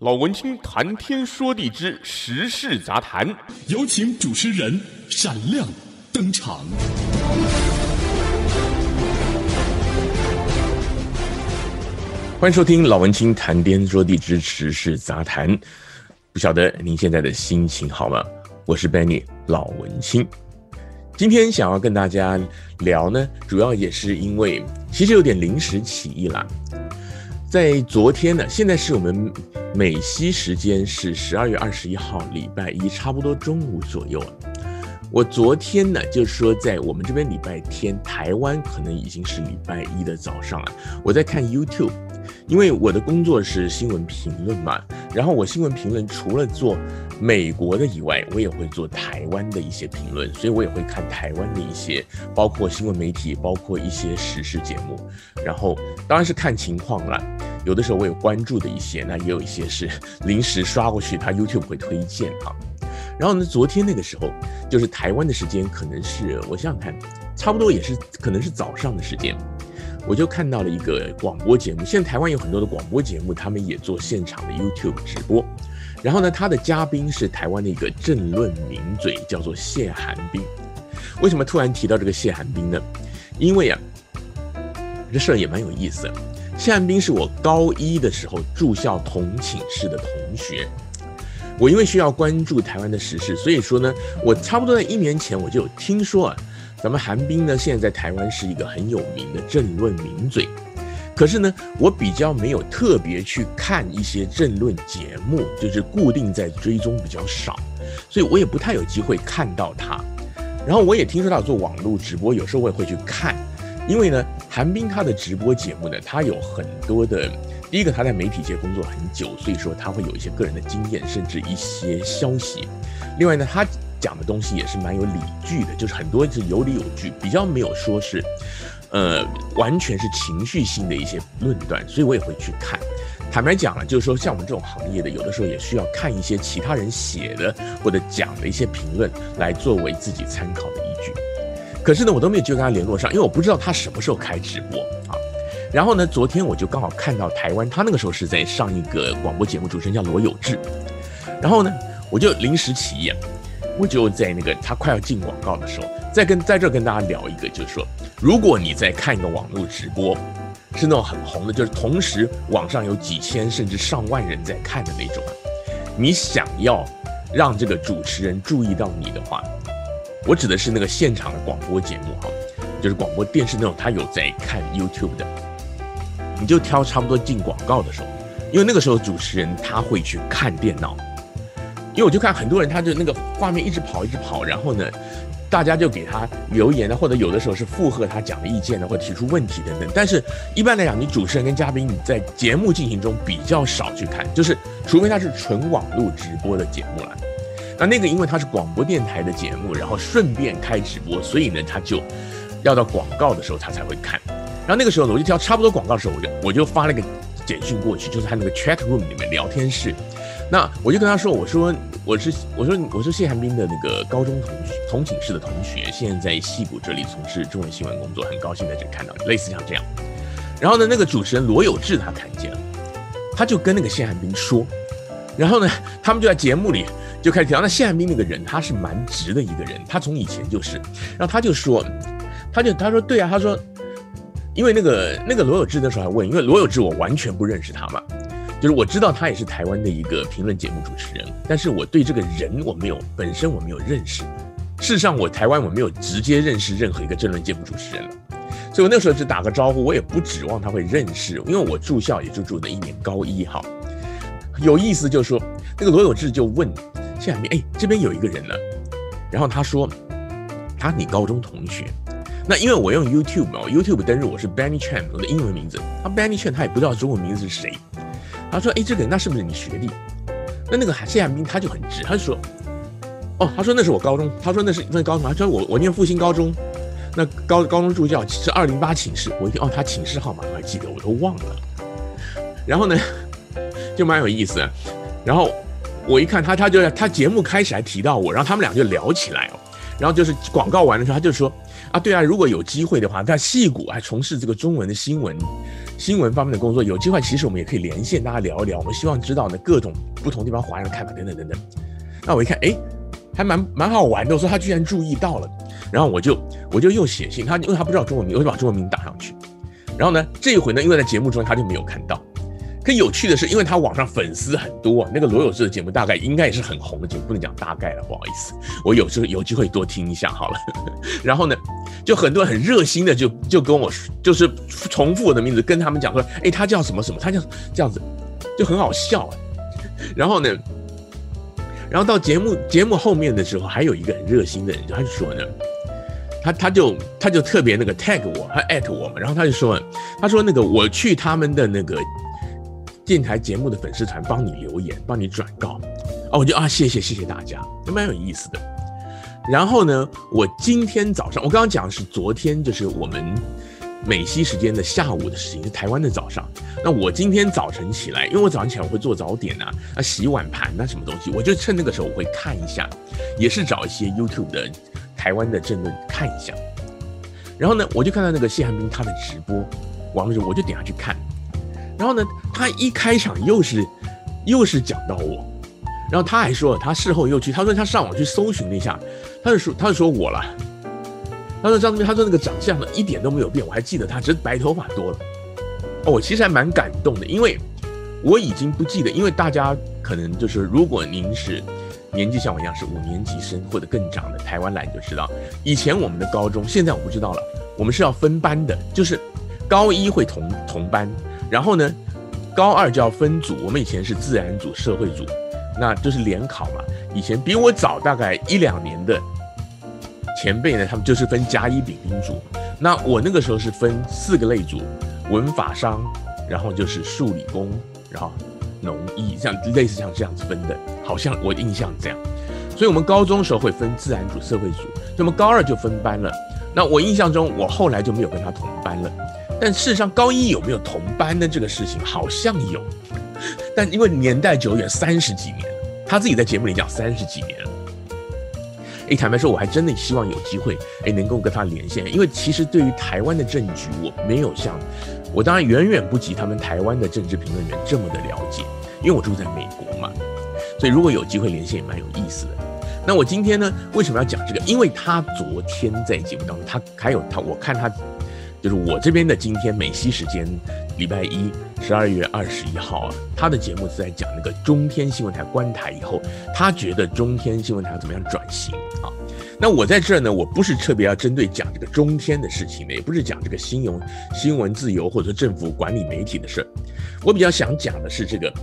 老文青談天說地之時事雜談，有請主持人閃亮登場。歡迎收聽老文青談天說地之時事雜談。不曉得您現在的心情好嗎？我是 Benny，老文青，今天想要跟大家聊呢，主要也是因為其實有點臨時起意啦。在昨天呢，現在是我們美西時間是十二月二十一號禮拜一，差不多中午左右。我昨天呢，就是說在我們這邊禮拜天，台灣可能已經是禮拜一的早上了，我在看 YouTube。因為我的工作是新聞評論嘛，然後我新聞評論除了做美國的以外，我也會做台灣的一些評論，所以我也會看台灣的一些，包括新聞媒體，包括一些時事節目。然後當然是看情況啦，有的時候我有關注的一些，那也有一些是臨時刷過去，他 YouTube 會推薦啊。然後呢，昨天那個時候就是台灣的時間，可能是我想想看，差不多也是可能是早上的時間。我就看到了一個廣播節目，現在台灣有很多的廣播節目，他們也做現場的 YouTube 直播。然後呢，他的嘉賓是台灣的一個政論名嘴，叫做謝寒冰。為什麼突然提到這個謝寒冰呢？因為啊，這事兒也蠻有意思啊。謝寒冰是我高一的時候住校同寢室的同學。我因為需要關注台灣的時事，所以說呢，我差不多在一年前我就有聽說啊。咱們寒冰呢，現在在台灣是一個很有名的政論名嘴，可是呢，我比較沒有特別去看一些政論節目，就是固定在追蹤比較少，所以我也不太有機會看到他。然後我也聽說他做網絡直播，有時候我也會去看，因為呢，寒冰他的直播節目呢，他有很多的，第一個他在媒體界工作很久，所以說他會有一些個人的經驗，甚至一些消息。另外呢，他。講的東西也是蠻有理據的，就是很多是有理有據，比較沒有說是，呃，完全是情緒性的一些論斷，所以我也會去看。坦白講了，就是說像我們這種行業的，有的時候也需要看一些其他人寫的或者講的一些評論，來作為自己參考的依據。可是呢，我都沒有就跟他聯絡上，因為我不知道他什麼時候開直播啊。然後呢，昨天我就剛好看到台灣，他那個時候是在上一個廣播節目，主持人叫羅友志。然後呢，我就臨時起意。我就在那個他快要進廣告的時候，在跟在這兒跟大家聊一個，就是說，如果你在看一個網絡直播，是那種很紅的，就是同時網上有幾千甚至上萬人在看的那種，你想要讓這個主持人注意到你的話，我指的是那個現場的廣播節目哈，就是廣播電視那種，他有在看 YouTube 的，你就挑差不多進廣告的時候，因為那個時候主持人他會去看電腦。因為我就看很多人，他就那個畫面一直跑，一直跑，然後呢，大家就給他留言的，或者有的時候是附和他講的意見的，或者提出問題等等。但是一般來講，你主持人跟嘉賓你在節目進行中比較少去看，就是除非他是純網絡直播的節目了。那那個因為他是廣播電台的節目，然後順便開直播，所以呢，他就要到廣告的時候他才會看。然後那個時候呢，我就挑差不多廣告的時候，我就我就發了個簡訊過去，就是他那個 chat room 裡面聊天室。那我就跟他說，我說我是我說我是謝寒冰的那個高中同學同寢室的同學，現在在矽谷這裡從事中文新聞工作，很高興在這裡看到你類似像這樣。然後呢，那個主持人羅友志他看見了，他就跟那個謝寒冰說，然後呢，他們就在節目裡就開始聊。那謝寒冰那個人他是蠻直的一個人，他從以前就是，然後他就說，他就他說對啊，他說，因為那個那個羅友志那時候還問，因為羅友志我完全不認識他嘛。就是我知道他也是台灣的一個評論節目主持人，但是我對這個人我沒有本身我沒有認識。事實上，我台灣我沒有直接認識任何一個政論節目主持人了，所以我那時候只打個招呼，我也不指望他會認識，因為我住校也就住了一年高一哈。有意思就是說，那個羅友志就問下面，哎、欸，這邊有一個人呢，然後他說他是你高中同學，那因為我用 YouTube 哦，YouTube 登入我是 Benny Chan 我的英文名字，他 Benny Chan 他也不知道中文名字是誰。他說：“哎，這個那是不是你學弟？那那個謝寒冰他就很直，他就說：‘哦，他說那是我高中，他說那是那高中，他說我我念復興高中，那高高中助教是二零八寢室，我一聽，哦他寢室號碼我還記得，我都忘了。’然後呢，就蠻有意思、啊。然後我一看他，他就他節目開始還提到我，然後他們倆就聊起來、哦。然後就是廣告完的時候，他就說：‘啊，對啊，如果有機會的話，他戲谷還從事這個中文的新聞。’”新聞方面的工作，有機會其實我們也可以連線，大家聊一聊。我們希望知道呢各種不同地方華人看法等等等等。那我一看，哎，還蠻蠻好玩的。我說他居然注意到了，然後我就我就又寫信，他因為他不知道中文名，我就把中文名打上去。然後呢，這一回呢，因為在節目中他就沒有看到。更有趣的是，因為他網上粉絲很多，啊，那個羅友志的節目大概應該也是很紅的節目，不能講大概了，不好意思，我有時候有機會多聽一下好了。呵呵然後呢，就很多人很熱心的就就跟我就是重複我的名字，跟他們講說，哎，他叫什麼什麼，他叫這樣子，就很好笑，啊。然後呢，然後到節目節目後面的時候，還有一個很熱心的人，他就說呢，他他就他就特別那個 tag 我，他 at 我嘛，然後他就說，他說那個我去他們的那個。電台節目的粉絲團幫你留言，幫你轉告，啊、哦，我就啊，謝謝謝謝大家，蠻有意思的。然後呢，我今天早上，我剛剛講的是昨天，就是我們美西時間的下午的事情，是台灣的早上。那我今天早晨起來，因為我早上起來我會做早點啊，啊洗碗盤啊什麼東西，我就趁那個時候我會看一下，也是找一些 YouTube 的台灣的政論看一下。然後呢，我就看到那個謝寒冰他的直播，完了之後我就點下去看。然後呢，他一開場又是，又是講到我，然後他還說了他事後又去，他說他上網去搜尋了一下，他就說他就說我了，他說張志斌，他說那個長相呢一點都沒有變，我還記得他只是白頭髮多了，我、哦、其實還蠻感動的，因為我已經不記得，因為大家可能就是如果您是年紀像我一樣是五年級生或者更長的台灣人，你就知道，以前我們的高中現在我不知道了，我們是要分班的，就是高一會同同班。然後呢，高二就要分組。我們以前是自然組、社會組，那就是聯考嘛。以前比我早大概一兩年的前輩呢，他們就是分甲、乙、丙、丁組。那我那個時候是分四個類組：文、法、商，然後就是數、理、工，然後農醫，這樣類似像這樣子分的，好像我印象這樣。所以我們高中時候會分自然組、社會組，那麼高二就分班了。那我印象中，我後來就沒有跟他同班了。但事實上，高一有沒有同班的這個事情好像有，但因為年代久遠，三十幾年了，他自己在節目裡講三十幾年了。誒，坦白說，我還真的希望有機會，誒，能夠跟他連線，因為其實對於台灣的政局，我沒有像我當然遠遠不及他們台灣的政治評論員這麼的了解，因為我住在美國嘛，所以如果有機會連線也蠻有意思的。那我今天呢，為什麼要講這個？因為他昨天在節目當中，他還有他，我看他。就是我這邊的今天美西時間禮拜一十二月二十一號啊，他的節目是在講那個中天新聞台關台以後，他覺得中天新聞台怎麼樣轉型啊？那我在這兒呢，我不是特別要針對講這個中天的事情的，也不是講這個新聞新聞自由或者說政府管理媒體的事兒，我比較想講的是這個，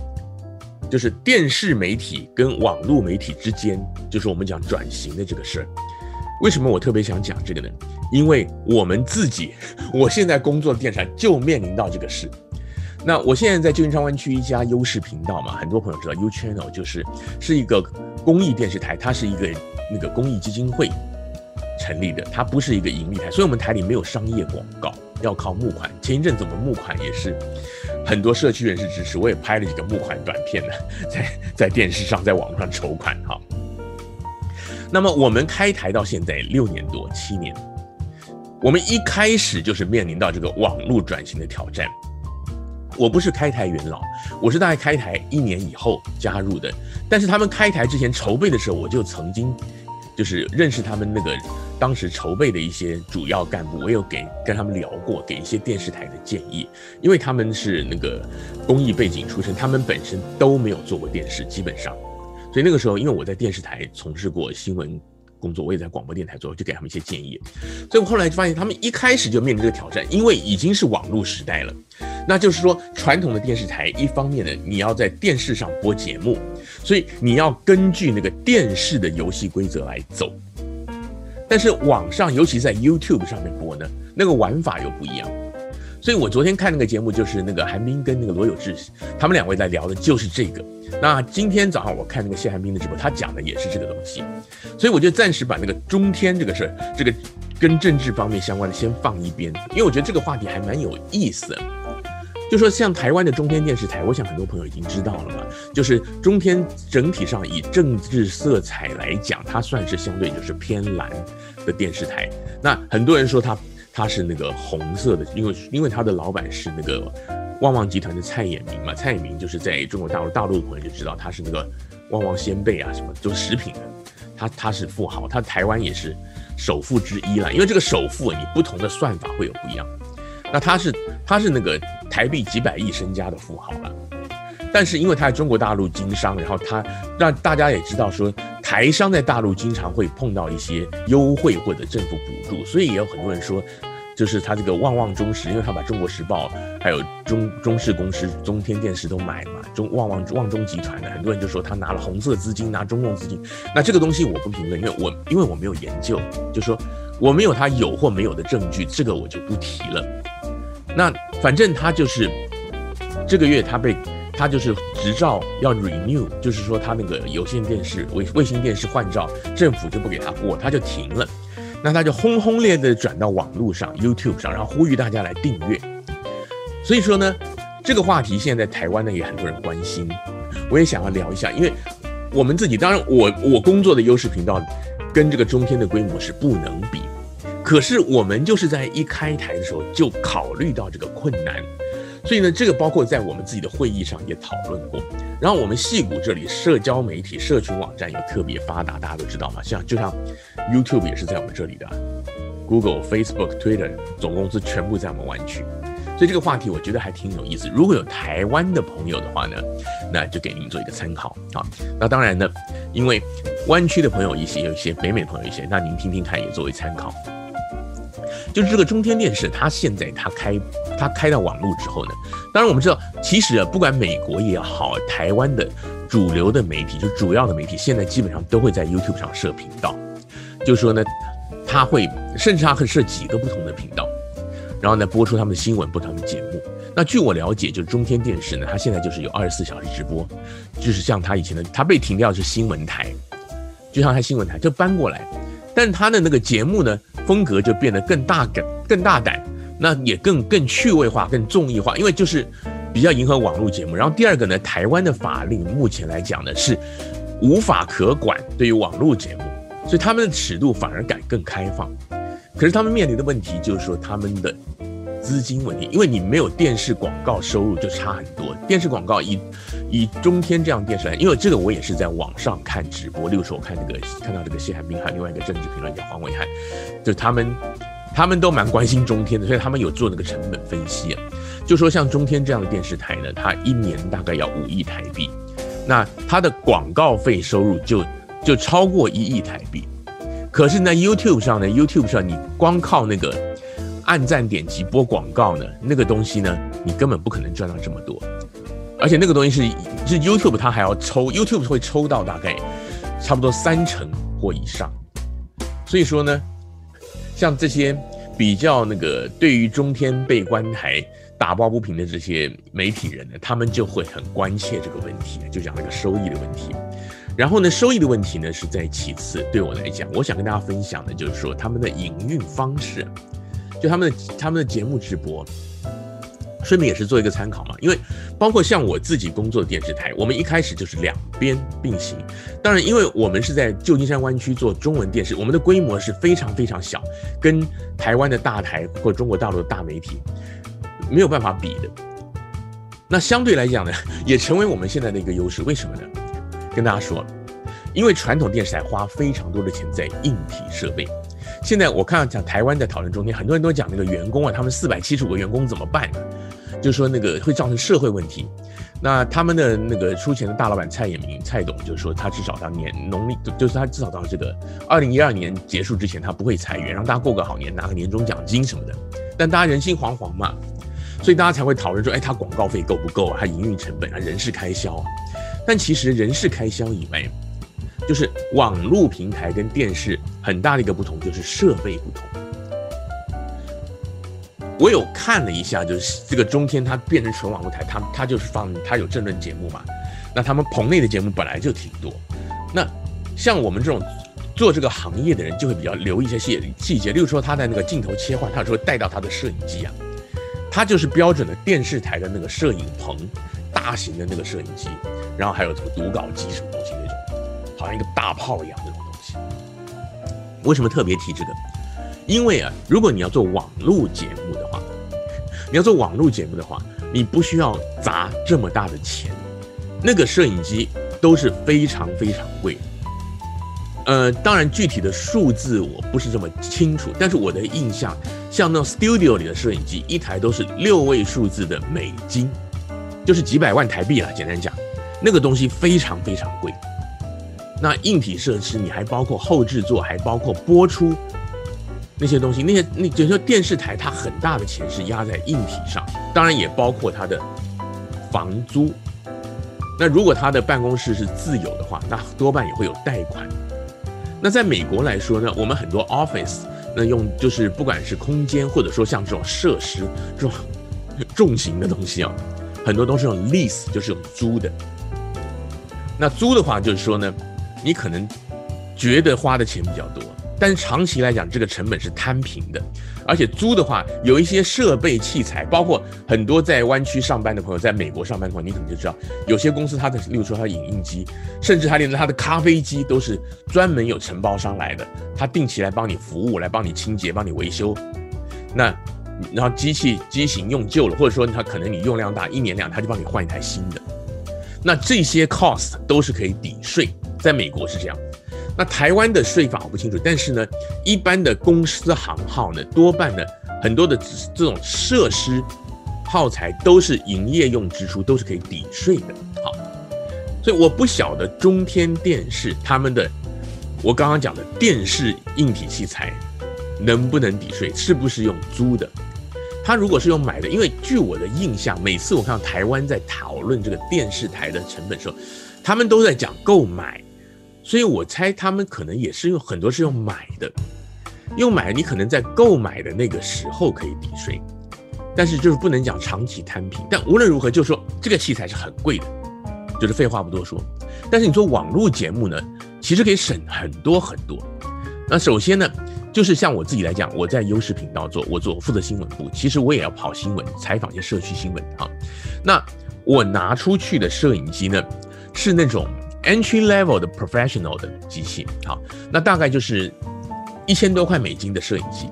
就是電視媒體跟網絡媒體之間，就是我們講轉型的這個事兒。為什麼我特別想講這個呢？因為我們自己，我現在工作的電視台就面臨到這個事。那我現在在舊金山灣區一家優勢頻道嘛，很多朋友知道 U Channel 就是是一個公益電視台，它是一個那個公益基金會成立的，它不是一個盈利台，所以我們台裡沒有商業廣告，要靠募款。前一陣子我們募款也是很多社區人士支持，我也拍了幾個募款短片呢，在在電視上、在網絡上籌款哈。那麼我們開台到現在六年多七年，我們一開始就是面臨到這個網絡轉型的挑戰。我不是開台元老，我是大概開台一年以後加入的。但是他們開台之前籌備的時候，我就曾經就是認識他們那個當時籌備的一些主要幹部，我有給跟他們聊過，給一些電視台的建議，因為他們是那個公益背景出身，他們本身都沒有做過電視，基本上。所以那個時候，因為我在電視台從事過新聞工作，我也在廣播電台做，就給他們一些建議。所以我後來就發現，他們一開始就面臨這個挑戰，因為已經是網絡時代了。那就是說，傳統的電視台一方面呢，你要在電視上播節目，所以你要根據那個電視的遊戲規則來走。但是網上，尤其在 YouTube 上面播呢，那個玩法又不一樣。所以，我昨天看那個節目，就是那個寒冰跟那個羅友志，他們兩位在聊的就是這個。那今天早上我看那個謝寒冰的直播，他講的也是這個東西。所以，我就暫時把那個中天這個事兒，這個跟政治方面相關的先放一邊，因為我覺得這個話題還蠻有意思。就說像台灣的中天電視台，我想很多朋友已經知道了嘛，就是中天整體上以政治色彩來講，它算是相對就是偏藍的電視台。那很多人說它。他是那個紅色的，因為因為他的老闆是那個旺旺集團的蔡衍明嘛，蔡衍明就是在中國大陸，大陸的朋友就知道他是那個旺旺仙貝啊，什麼，就是食品的，他他是富豪，他台灣也是首富之一了，因為這個首富你不同的算法會有不一樣，那他是他是那個台幣幾百億身家的富豪了，啊。但是，因為他在中國大陸經商，然後他讓大家也知道說，台商在大陸經常會碰到一些優惠或者政府補助，所以也有很多人說，就是他這個旺旺中時，因為他把中國時報、還有中中視公司、中天電視都買嘛，中旺旺旺中集團的，很多人就說他拿了紅色資金，拿中共資金。那這個東西我不評論，因為我因為我沒有研究，就說我沒有他有或沒有的證據，這個我就不提了。那反正他就是這個月他被。他就是執照要 renew，就是說他那個有線電視、衛衛星電視換照，政府就不給他過，他就停了。那他就轟轟烈烈的轉到網絡上，YouTube 上，然後呼籲大家來訂閱。所以說呢，這個話題現在在台灣呢也很多人關心，我也想要聊一下，因為我們自己當然我我工作的優勢頻道，跟這個中天的規模是不能比，可是我們就是在一開台的時候就考慮到這個困難。所以呢，這個包括在我們自己的會議上也討論過。然後我們矽谷這裡社交媒體、社群網站有特別發達，大家都知道嘛，像就像 YouTube 也是在我們這裡的，Google、Facebook、Twitter 總公司全部在我們灣區。所以這個話題我覺得還挺有意思。如果有台灣的朋友的話呢，那就給您做一個參考啊。那當然呢，因為灣區的朋友一些有一些北美的朋友一些，那您聽聽看也作為參考。就是這個中天電視，它現在它開它開到網絡之後呢，當然我們知道，其實啊，不管美國也好，台灣的主流的媒體，就主要的媒體，現在基本上都會在 YouTube 上設頻道，就是說呢，它會甚至它會設幾個不同的頻道，然後呢播出他們的新聞，不同的節目。那據我了解，就是中天電視呢，它現在就是有二十四小時直播，就是像它以前的，它被停掉是新聞台，就像它新聞台就搬過來。但是他的那個節目呢，風格就變得更大膽、更大膽，那也更更趣味化、更綜藝化，因為就是比較迎合網絡節目。然後第二個呢，台灣的法令目前來講呢是無法可管，對於網絡節目，所以他們的尺度反而敢更開放。可是他們面臨的問題就是說他們的資金問題，因為你沒有電視廣告收入就差很多。電視廣告以以中天這樣電視台，因為這個我也是在網上看直播，例如說，我看那個看到這個謝寒冰還有另外一個政治評論家黃偉漢，就他們他們都蠻關心中天的，所以他們有做那個成本分析，就說像中天這樣的電視台呢，它一年大概要五億台幣，那它的廣告費收入就就超過一億台幣，可是呢 YouTube 上呢 YouTube 上你光靠那個。按讚點擊播廣告呢，那個東西呢，你根本不可能賺到這麼多，而且那個東西是是 YouTube，它還要抽，YouTube 會抽到大概差不多三成或以上，所以說呢，像這些比較那個對於中天被關台打抱不平的這些媒體人呢，他們就會很關切這個問題，就講那個收益的問題，然後呢，收益的問題呢是在其次，對我來講，我想跟大家分享的，就是說他們的營運方式。就他們的他們的節目直播，順便也是做一個參考嘛。因為包括像我自己工作的電視台，我們一開始就是兩邊並行。當然，因為我們是在舊金山灣區做中文電視，我們的規模是非常非常小，跟台灣的大台或中國大陸的大媒體沒有辦法比的。那相對來講呢，也成為我們現在的一個優勢。為什麼呢？跟大家說，因為傳統電視台花非常多的錢在硬體設備。現在我看到講台灣的討論中間，很多人都講那個員工啊，他們四百七十五個員工怎麼辦呢？就是說那個會造成社會問題。那他們的那個出錢的大老闆蔡衍明、蔡董，就是說他至少當年農曆，就是他至少到這個二零一二年結束之前，他不會裁員，讓大家過個好年，拿個年終獎金什麼的。但大家人心惶惶嘛，所以大家才會討論說，哎，他廣告費夠不夠啊？他營運成本啊，人事開銷。但其實人事開銷以外。就是網絡平台跟電視很大的一個不同就是設備不同。我有看了一下，就是這個中天它變成純網絡台，它它就是放它有政論節目嘛，那他們棚內的節目本來就挺多。那像我們這種做這個行業的人就會比較留意一些細細節，例如說他在那個鏡頭切換，他有時候會帶到他的攝影機啊，他就是標準的電視台的那個攝影棚，大型的那個攝影機，然後還有什麼讀稿機什麼東西那種。像一個大炮一樣的東西，為什麼特別提這個？因為啊，如果你要做網路節目的話，你要做網路節目的話，你不需要砸這麼大的錢。那個攝影機都是非常非常貴的。呃，當然具體的數字我不是這麼清楚，但是我的印象，像那種 studio 裡的攝影機，一台都是六位數字的美金，就是幾百萬台幣了。簡單講，那個東西非常非常貴。那硬體設施，你還包括後製作，還包括播出那些東西，那些，那比如說電視台，它很大的錢是壓在硬體上，當然也包括它的房租。那如果他的辦公室是自有的話，那多半也會有貸款。那在美國來說呢，我們很多 office，那用就是不管是空間或者說像這種設施這種重型的東西啊，很多都是用 lease，就是用租的。那租的話就是說呢。你可能覺得花的錢比較多，但是長期來講，這個成本是攤平的。而且租的話，有一些設備器材，包括很多在灣區上班的朋友，在美國上班的朋友，你可能就知道，有些公司它的，例如說它的影印機，甚至它連它的咖啡機都是專門有承包商來的，他定期來幫你服務，來幫你清潔，幫你維修。那然後機器機型用舊了，或者說他可能你用量大，一年兩年，他就幫你換一台新的。那這些 cost 都是可以抵稅。在美國是這樣，那台灣的稅法我不清楚，但是呢，一般的公司行號呢，多半呢，很多的這種設施、耗材都是營業用支出，都是可以抵稅的。好，所以我不曉得中天電視他們的我剛剛講的電視硬體器材能不能抵稅，是不是用租的？他如果是用買的，因為據我的印象，每次我看到台灣在討論這個電視台的成本的時候，他們都在講購買。所以我猜他們可能也是用很多是用買的，用買你可能在購買的那個時候可以抵稅，但是就是不能講長期攤平。但無論如何，就是說這個器材是很貴的，就是廢話不多說。但是你做網絡節目呢，其實可以省很多很多。那首先呢，就是像我自己來講，我在優視頻道做，我做負責新聞部，其實我也要跑新聞，採訪一些社區新聞啊。那我拿出去的攝影機呢，是那種。Entry level 的 professional 的機器，好，那大概就是一千多塊美金的攝影機，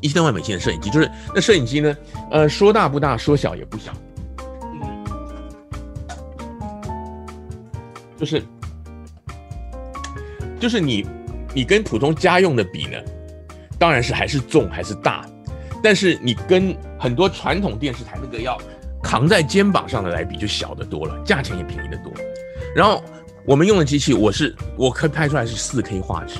一千多塊美金的攝影機，就是那攝影機呢，呃，說大不大，說小也不小，就是就是你你跟普通家用的比呢，當然是還是重還是大，但是你跟很多傳統電視台那個要扛在肩膀上的來比，就小得多了，價錢也便宜得多。然後我們用的機器，我是我可以拍出來是四 K 畫質。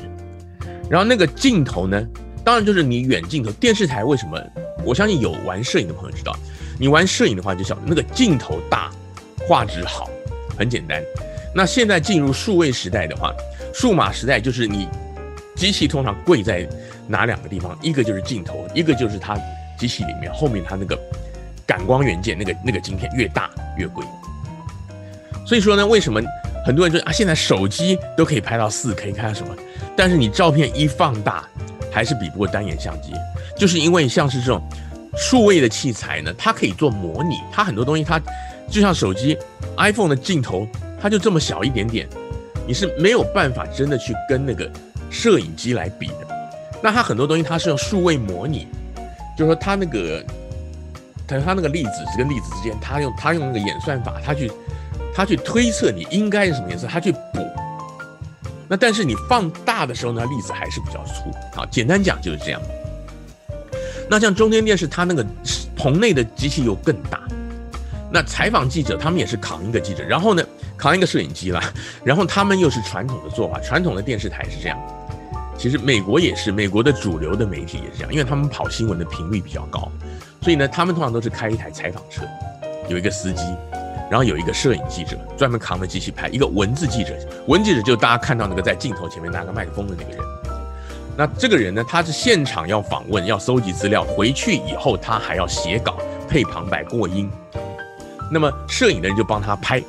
然後那個鏡頭呢，當然就是你遠鏡頭。電視台為什麼？我相信有玩攝影的朋友知道，你玩攝影的話就曉得，那個鏡頭大，畫質好，很簡單。那現在進入數位時代的話，數碼時代就是你機器通常貴在哪兩個地方？一個就是鏡頭，一個就是它機器裡面後面它那個感光元件那個那個晶片越大越貴。所以說呢，為什麼很多人說啊，現在手機都可以拍到四 K，看到什麼？但是你照片一放大，還是比不過單眼相機。就是因為像是這種數位的器材呢，它可以做模擬，它很多東西它就像手機 iPhone 的鏡頭，它就這麼小一點點，你是沒有辦法真的去跟那個攝影機來比的。那它很多東西它是用數位模擬，就是說它那個它它那個粒子跟粒子之間，它用它用那個演算法，它去。他去推測你應該是什麼顏色，他去補。那但是你放大的時候呢，粒子還是比較粗。好，簡單講就是這樣。那像中天電視，它那個棚內的機器又更大。那採訪記者，他們也是扛一個記者，然後呢扛一個攝影機啦。然後他們又是傳統的做法，傳統的電視台是這樣。其實美國也是，美國的主流的媒體也是這樣，因為他們跑新聞的頻率比較高，所以呢，他們通常都是開一台採訪車，有一個司機。然後有一個攝影記者專門扛着機器拍，一個文字記者，文記者就是大家看到那個在鏡頭前面拿個麥克風的那個人。那這個人呢，他是現場要訪問，要搜集資料，回去以後他還要寫稿、配旁白、過音。那麼攝影的人就幫他拍。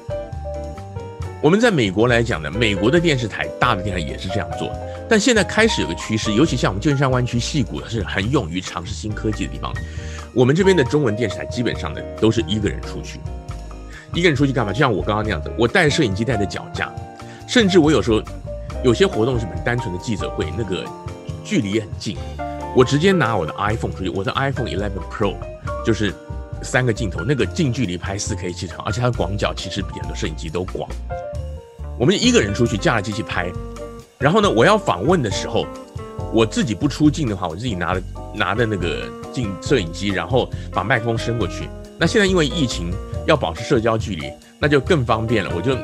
我們在美國來講呢，美國的電視台，大的電視台也是這樣做，但現在開始有個趨勢，尤其像我們舊金山灣區、矽谷是很勇於嘗試新科技的地方。我們這邊的中文電視台，基本上呢都是一個人出去。一個人出去幹嘛？就像我剛剛那樣子，我帶攝影機，帶着腳架，甚至我有時候有些活動是很單純的記者會，那個距離也很近，我直接拿我的 iPhone 出去，我的 iPhone 11 Pro 就是三個鏡頭，那個近距離拍 4K 非常，而且它的廣角其實比很多攝影機都廣。我們就一個人出去架了機器拍，然後呢，我要訪問的時候，我自己不出鏡的話，我自己拿了拿的那個鏡攝影機，然後把麥克風伸過去。那現在因為疫情。要保持社交距離，那就更方便了。我就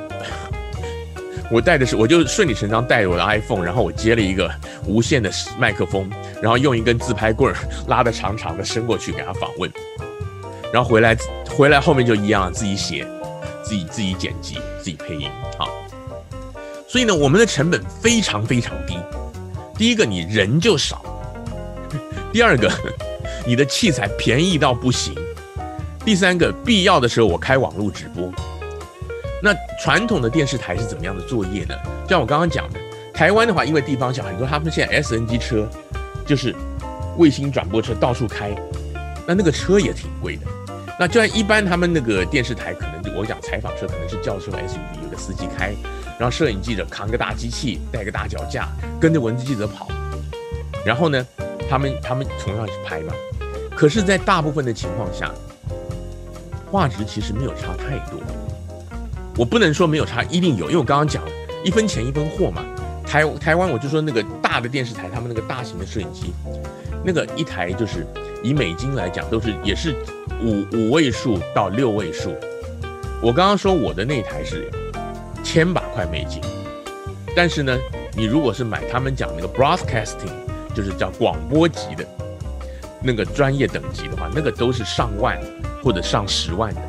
我帶的是，我就順理成章帶着我的 iPhone，然後我接了一個無線的麥克風，然後用一根自拍棍兒拉得長長的伸過去給他訪問，然後回來回來後面就一樣，自己寫，自己自己剪輯，自己配音啊。所以呢，我們的成本非常非常低。第一個，你人就少；第二個，你的器材便宜到不行。第三個必要的時候，我開網絡直播。那傳統的電視台是怎麼樣的作業呢？就像我剛剛講的，台灣的話，因為地方小，很多他們現在 SNG 車，就是衛星轉播車到處開，那那個車也挺貴的。那就像一般他們那個電視台，可能就我講採訪車可能是轎車 SUV，有個司機開，然後攝影記者扛個大機器，帶個大腳架，跟着文字記者跑。然後呢，他們他們從上去拍嘛。可是，在大部分的情況下，畫質其實沒有差太多，我不能說沒有差，一定有，因為我剛剛講一分錢一分貨嘛。台台灣我就說那個大的電視台，他們那個大型的攝影機，那個一台就是以美金來講都是也是五五位數到六位數。我剛剛說我的那台是千把塊美金，但是呢，你如果是買他們講那個 broadcasting，就是叫廣播級的。那個專業等級的話，那個都是上萬或者上十萬的。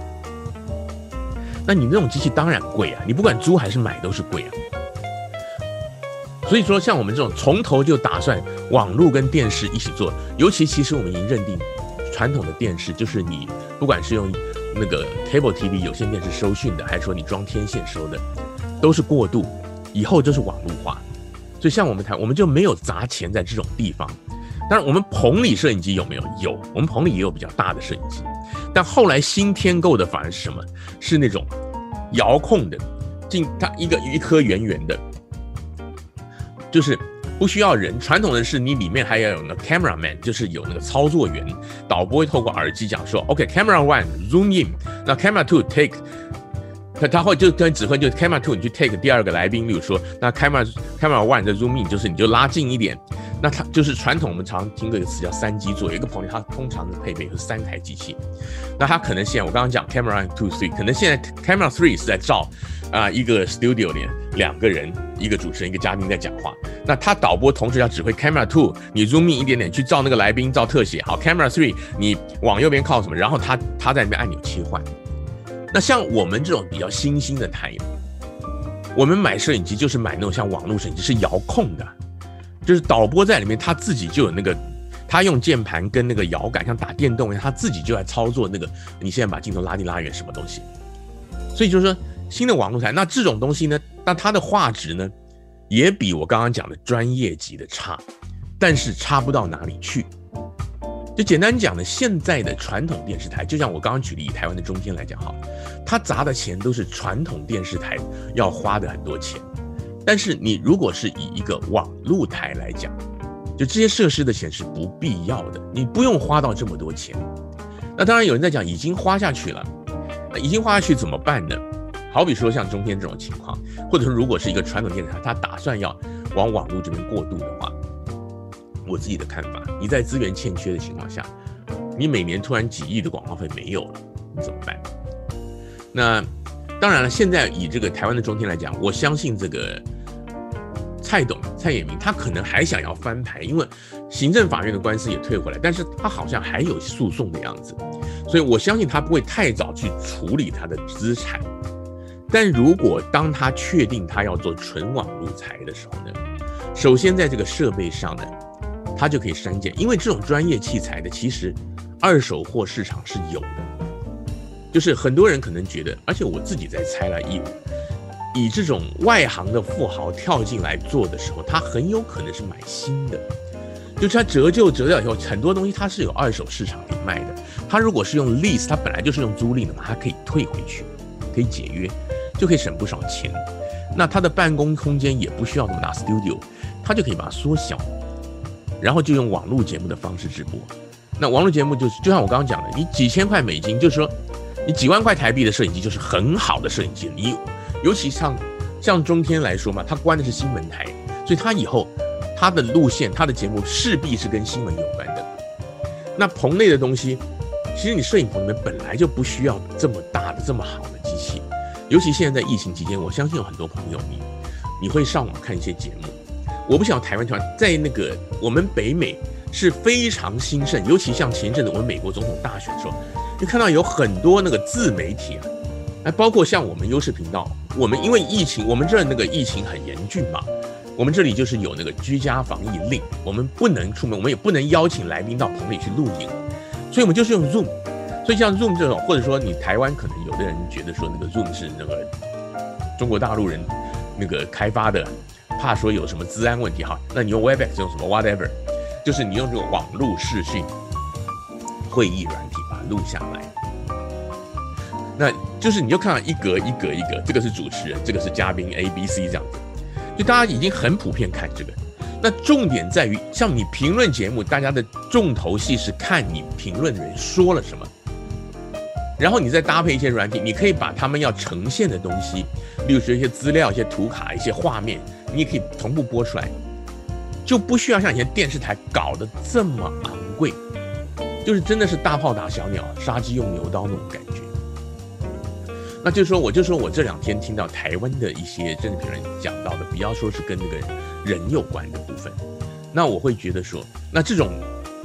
那你那種機器當然貴啊，你不管租還是買都是貴啊。所以說，像我們這種從頭就打算網絡跟電視一起做，尤其其實我們已經認定，傳統的電視就是你不管是用那個 cable TV 有線電視收訊的，還是說你裝天線收的，都是過渡，以後就是網絡化。所以像我們台，我們就沒有砸錢在這種地方。但當然，我們棚裡攝影機有沒有？有，我們棚裡也有比較大的攝影機。但後來新添購的反而是什麼？是那種遙控的，進它一個一顆圓圓的，就是不需要人。傳統的是你裡面還要有那個 cameraman，就是有那個操作員，導播會透過耳機講說：OK，camera one zoom in，那 camera two take。他會就跟指揮，就 camera two 你去 take 第二個來賓，例如說，那 camera camera one 的 zoom in 就是你就拉近一點。那他就是傳統我們常聽過一個詞叫三機座，有一個朋友他通常的配備是三台機器。那他可能現在我剛剛講 camera one two three，可能現在 camera three 是在照啊、呃、一個 studio 裡，兩個人，一個主持人一個嘉賓在講話。那他導播同時要指揮 camera two，你 zoom in 一點點去照那個來賓照特寫，好 camera three 你往右邊靠什麼，然後他他在那邊按鈕切換。那像我們這種比較新興的台，我們買攝影機就是買那種像網絡攝影機，是遙控的，就是導播在裡面他自己就有那個，他用鍵盤跟那個搖桿像打電動一樣，他自己就在操作那個。你現在把鏡頭拉近拉遠什麼東西，所以就是說新的網絡台，那這種東西呢，那它的畫質呢，也比我剛剛講的專業級的差，但是差不到哪裡去。就簡單講呢，現在的傳統電視台，就像我剛剛舉例以台灣的中天來講哈，他砸的錢都是傳統電視台要花的很多錢，但是你如果是以一個網絡台來講，就這些設施的錢是不必要的，你不用花到這麼多錢。那當然有人在講已經花下去了，那已經花下去怎麼辦呢？好比說像中天這種情況，或者說如果是一個傳統電視台，他打算要往網絡這邊過渡的話。我自己的看法，你在資源欠缺的情況下，你每年突然幾億的廣告費沒有了，你怎麼辦？那當然了，現在以這個台灣的中天來講，我相信這個蔡董蔡衍明他可能還想要翻牌，因為行政法院的官司也退回來，但是他好像還有訴訟的樣子，所以我相信他不會太早去處理他的資產。但如果當他確定他要做純網路台的時候呢，首先在這個設備上呢。它就可以刪減，因為這種專業器材的其實，二手貨市場是有的。就是很多人可能覺得，而且我自己在猜了一，以以這種外行的富豪跳進來做的時候，他很有可能是買新的。就是他折舊折掉以後，很多東西它是有二手市場可以賣的。他如果是用 lease，他本來就是用租賃的嘛，他可以退回去，可以解約，就可以省不少錢。那他的辦公空間也不需要那麼大 studio，他就可以把它縮小。然後就用網絡節目的方式直播，那網絡節目就是，就像我剛剛講的，你幾千塊美金，就是說，你幾萬塊台幣的攝影機就是很好的攝影機。你尤其像像中天來說嘛，它關的是新聞台，所以它以後它的路線、它的節目勢必是跟新聞有關的。那棚內的東西，其實你攝影棚裡面本來就不需要這麼大的、這麼好的機器，尤其現在在疫情期間，我相信有很多朋友你你會上網看一些節目。我不想台灣，台灣在那個，我們北美是非常興盛，尤其像前一陣子我們美國總統大選的時候，就看到有很多那個自媒體啊。哎，包括像我們優勢頻道，我們因為疫情，我們這兒那個疫情很嚴峻嘛，我們這裡就是有那個居家防疫令，我們不能出門，我們也不能邀請來賓到棚裡去錄影，所以我們就是用 Zoom，所以像 Zoom 這種，或者說你台灣可能有的人覺得說那個 Zoom 是那個中國大陸人那個開發的。怕說有什麼治安問題哈，那你用 Webex 用什麼 whatever，就是你用這個網絡視訊會議軟體把它錄下來，那就是你就看到一格一格一格，這個是主持人，這個是嘉賓 ABC 這樣子，就大家已經很普遍看這個，那重點在於像你評論節目，大家的重頭戲是看你評論人說了什麼。然後你再搭配一些軟體，你可以把他們要呈現的東西，例如說一些資料、一些圖卡、一些畫面，你也可以同步播出來，就不需要像以前電視台搞得這麼昂貴，就是真的是大炮打小鳥、殺雞用牛刀那種感覺。那就是說，我就說我這兩天聽到台灣的一些政治評論講到的，比方說是跟那個人有關的部分，那我會覺得說，那這種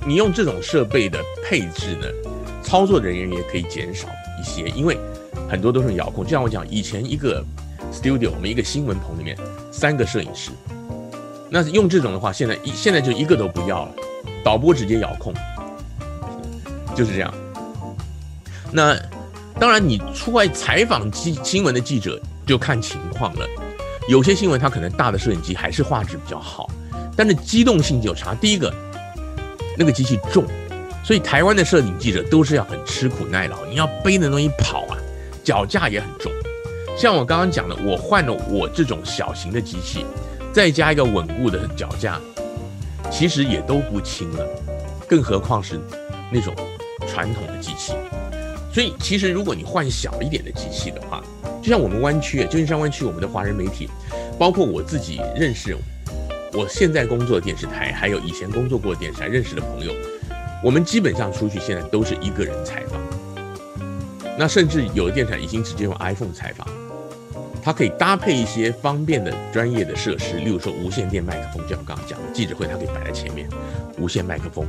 你用這種設備的配置呢？操作人員也可以減少一些，因為很多都是遙控。就像我講，以前一個 studio，我們一個新聞棚裡面三個攝影師，那用這種的話，現在一現在就一個都不要了，導播直接遙控，就是這樣。那當然，你出外採訪記新聞的記者就看情況了，有些新聞它可能大的攝影機還是畫質比較好，但是機動性就差。第一個，那個機器重。所以台灣的攝影記者都是要很吃苦耐勞，你要背的東西跑啊，腳架也很重。像我剛剛講的，我換了我這種小型的機器，再加一個穩固的腳架，其實也都不輕了，更何況是那種傳統的機器。所以其實如果你換小一點的機器的話，就像我們灣區，就像舊金山灣區我們的華人媒體，包括我自己認識，我現在工作的電視台，還有以前工作過的電視台認識的朋友。我們基本上出去現在都是一個人採訪，那甚至有的電視台已經直接用 iPhone 採訪了，它可以搭配一些方便的專業的設施，例如說無線電麥克風，就像我剛剛講的記者會，它可以擺在前面，無線麥克風，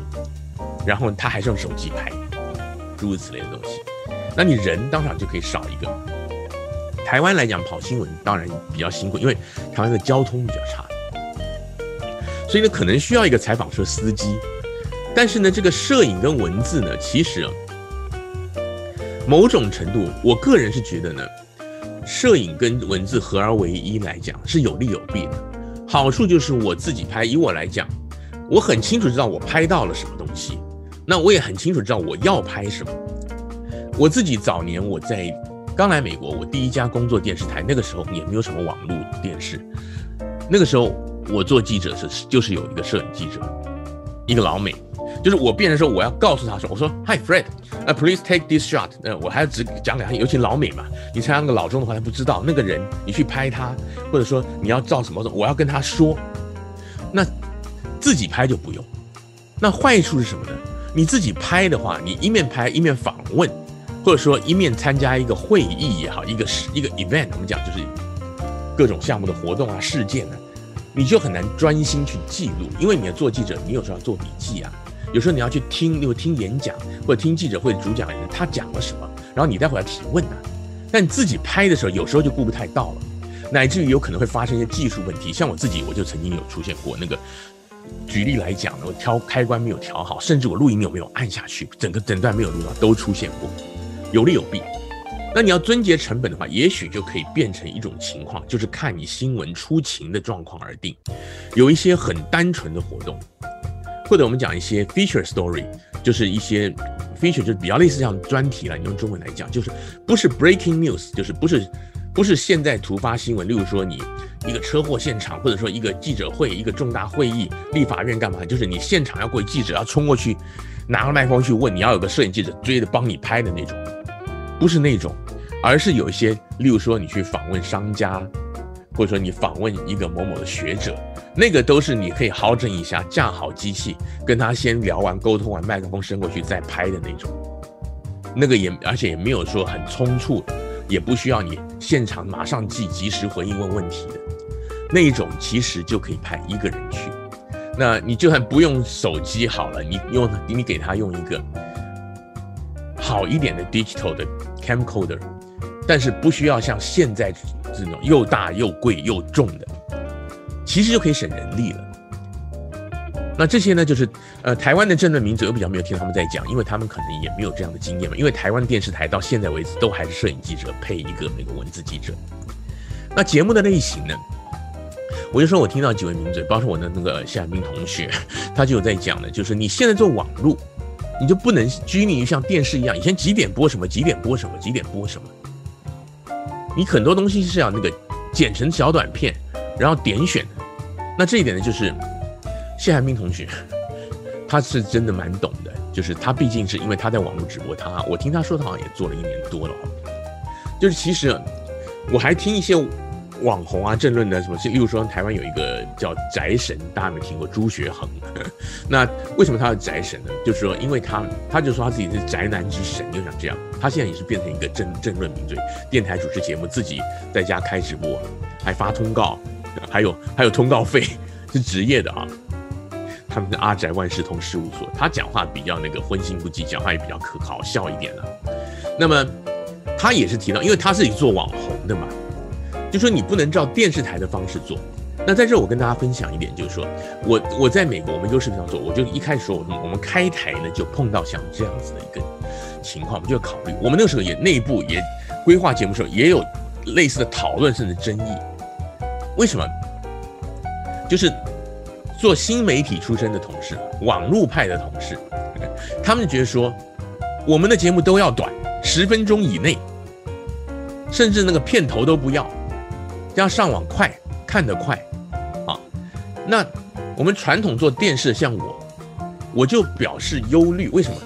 然後他還是用手機拍，諸如此類的東西。那你人當場就可以少一個。台灣來講跑新聞當然比較辛苦，因為台灣的交通比較差，所以呢，可能需要一個採訪車司機。但是呢，這個攝影跟文字呢，其實某種程度，我個人是覺得呢，攝影跟文字合而為一來講是有利有弊的。好處就是我自己拍，以我來講，我很清楚知道我拍到了什麼東西，那我也很清楚知道我要拍什麼。我自己早年我在剛來美國，我第一家工作電視台，那個時候也沒有什麼網絡電視，那個時候我做記者是就是有一個攝影記者，一個老美。就是我變的說，我要告訴他說：“我說 Hi Fred，那 Please take this shot。”那我還要只講兩句，句尤其老美嘛，你採訪個老中的話，他不知道那個人，你去拍他，或者說你要照什麼什麼，我要跟他說。那自己拍就不用。那壞處是什麼呢？你自己拍的話，你一面拍一面訪問，或者說一面參加一個會議也好，一個是一個 event，我們講就是各種項目的活動啊、事件啊，你就很難專心去記錄，因為你要做記者，你有時候要做筆記啊。有時候你要去聽，你聽演講或者聽記者會主講的人，他講了什麼，然後你待會來提問呢、啊。但你自己拍的時候，有時候就顧不太到了，乃至於有可能會發生一些技術問題。像我自己，我就曾經有出現過那個，舉例來講，我挑開關沒有調好，甚至我錄音有沒有按下去，整個整段沒有錄到，都出現過。有利有弊。那你要撙節成本的話，也許就可以變成一種情況，就是看你新聞出勤的狀況而定。有一些很單純的活動。或者我們講一些 feature story，就是一些 feature，就是比較類似像專題了。你用中文來講，就是不是 breaking news，就是不是不是現在突發新聞。例如說，你一個車禍現場，或者說一個記者會、一個重大會議、立法院幹嘛，就是你現場要過去記者，要衝過去拿麥克風去問，你要有個攝影記者追着幫你拍的那種，不是那種，而是有一些，例如說你去訪問商家，或者說你訪問一個某某的學者。那個都是你可以好整以暇，架好機器，跟他先聊完、溝通完，麥克風伸過去再拍的那種。那個也，而且也沒有說很匆促，也不需要你現場馬上即，及時回應問問題的那一種，其實就可以派一個人去。那你就算不用手機好了，你用你給他用一個好一點的 digital 的 camcorder，但是不需要像現在這種又大又貴又重的。其實就可以省人力了。那這些呢，就是呃，台灣的政論名嘴，我比較沒有聽他們在講，因為他們可能也沒有這樣的經驗嘛。因為台灣電視台到現在為止都還是攝影記者配一個那個文字記者。那節目的類型呢，我就說我聽到幾位名嘴，包括我的那個謝寒冰同學，他就有在講呢，就是你現在做網路，你就不能拘泥於像電視一樣，以前幾點播什麼，幾點播什麼，幾點播什麼，你很多東西是要那個剪成小短片。然後點選，那這一點呢，就是謝寒冰同學，他是真的蠻懂的。就是他畢竟是因為他在網絡直播，他我聽他說，他好像也做了一年多了。就是其實我還聽一些網紅啊、政論的什麼，例如說台灣有一個叫宅神，大家沒聽過朱學恆。那為什麼他叫宅神呢？就是說，因為他他就說他自己是宅男之神，又像這樣，他現在也是變成一個政政論名嘴，電台主持節目，自己在家開直播，還發通告。還有還有通告費是職業的啊，他們的阿宅萬事通事務所，他講話比較那個葷腥不忌，講話也比較可搞笑一點了，啊。那麼他也是提到，因為他是做網紅的嘛，就說你不能照電視台的方式做。那在這我跟大家分享一點，就是說我我在美國，我們優視頻要做，我就一開始說我們我們開台呢，就碰到像這樣子的一個情況，我們就要考慮，我們那個時候也內部也規劃節目時候也有類似的討論甚至爭議。為什麼？就是做新媒體出身的同事，網絡派的同事，嗯，他們覺得說，我們的節目都要短，十分鐘以內，甚至那個片頭都不要，這樣上網快，看得快，啊，那我們傳統做電視，像我，我就表示憂慮。為什麼？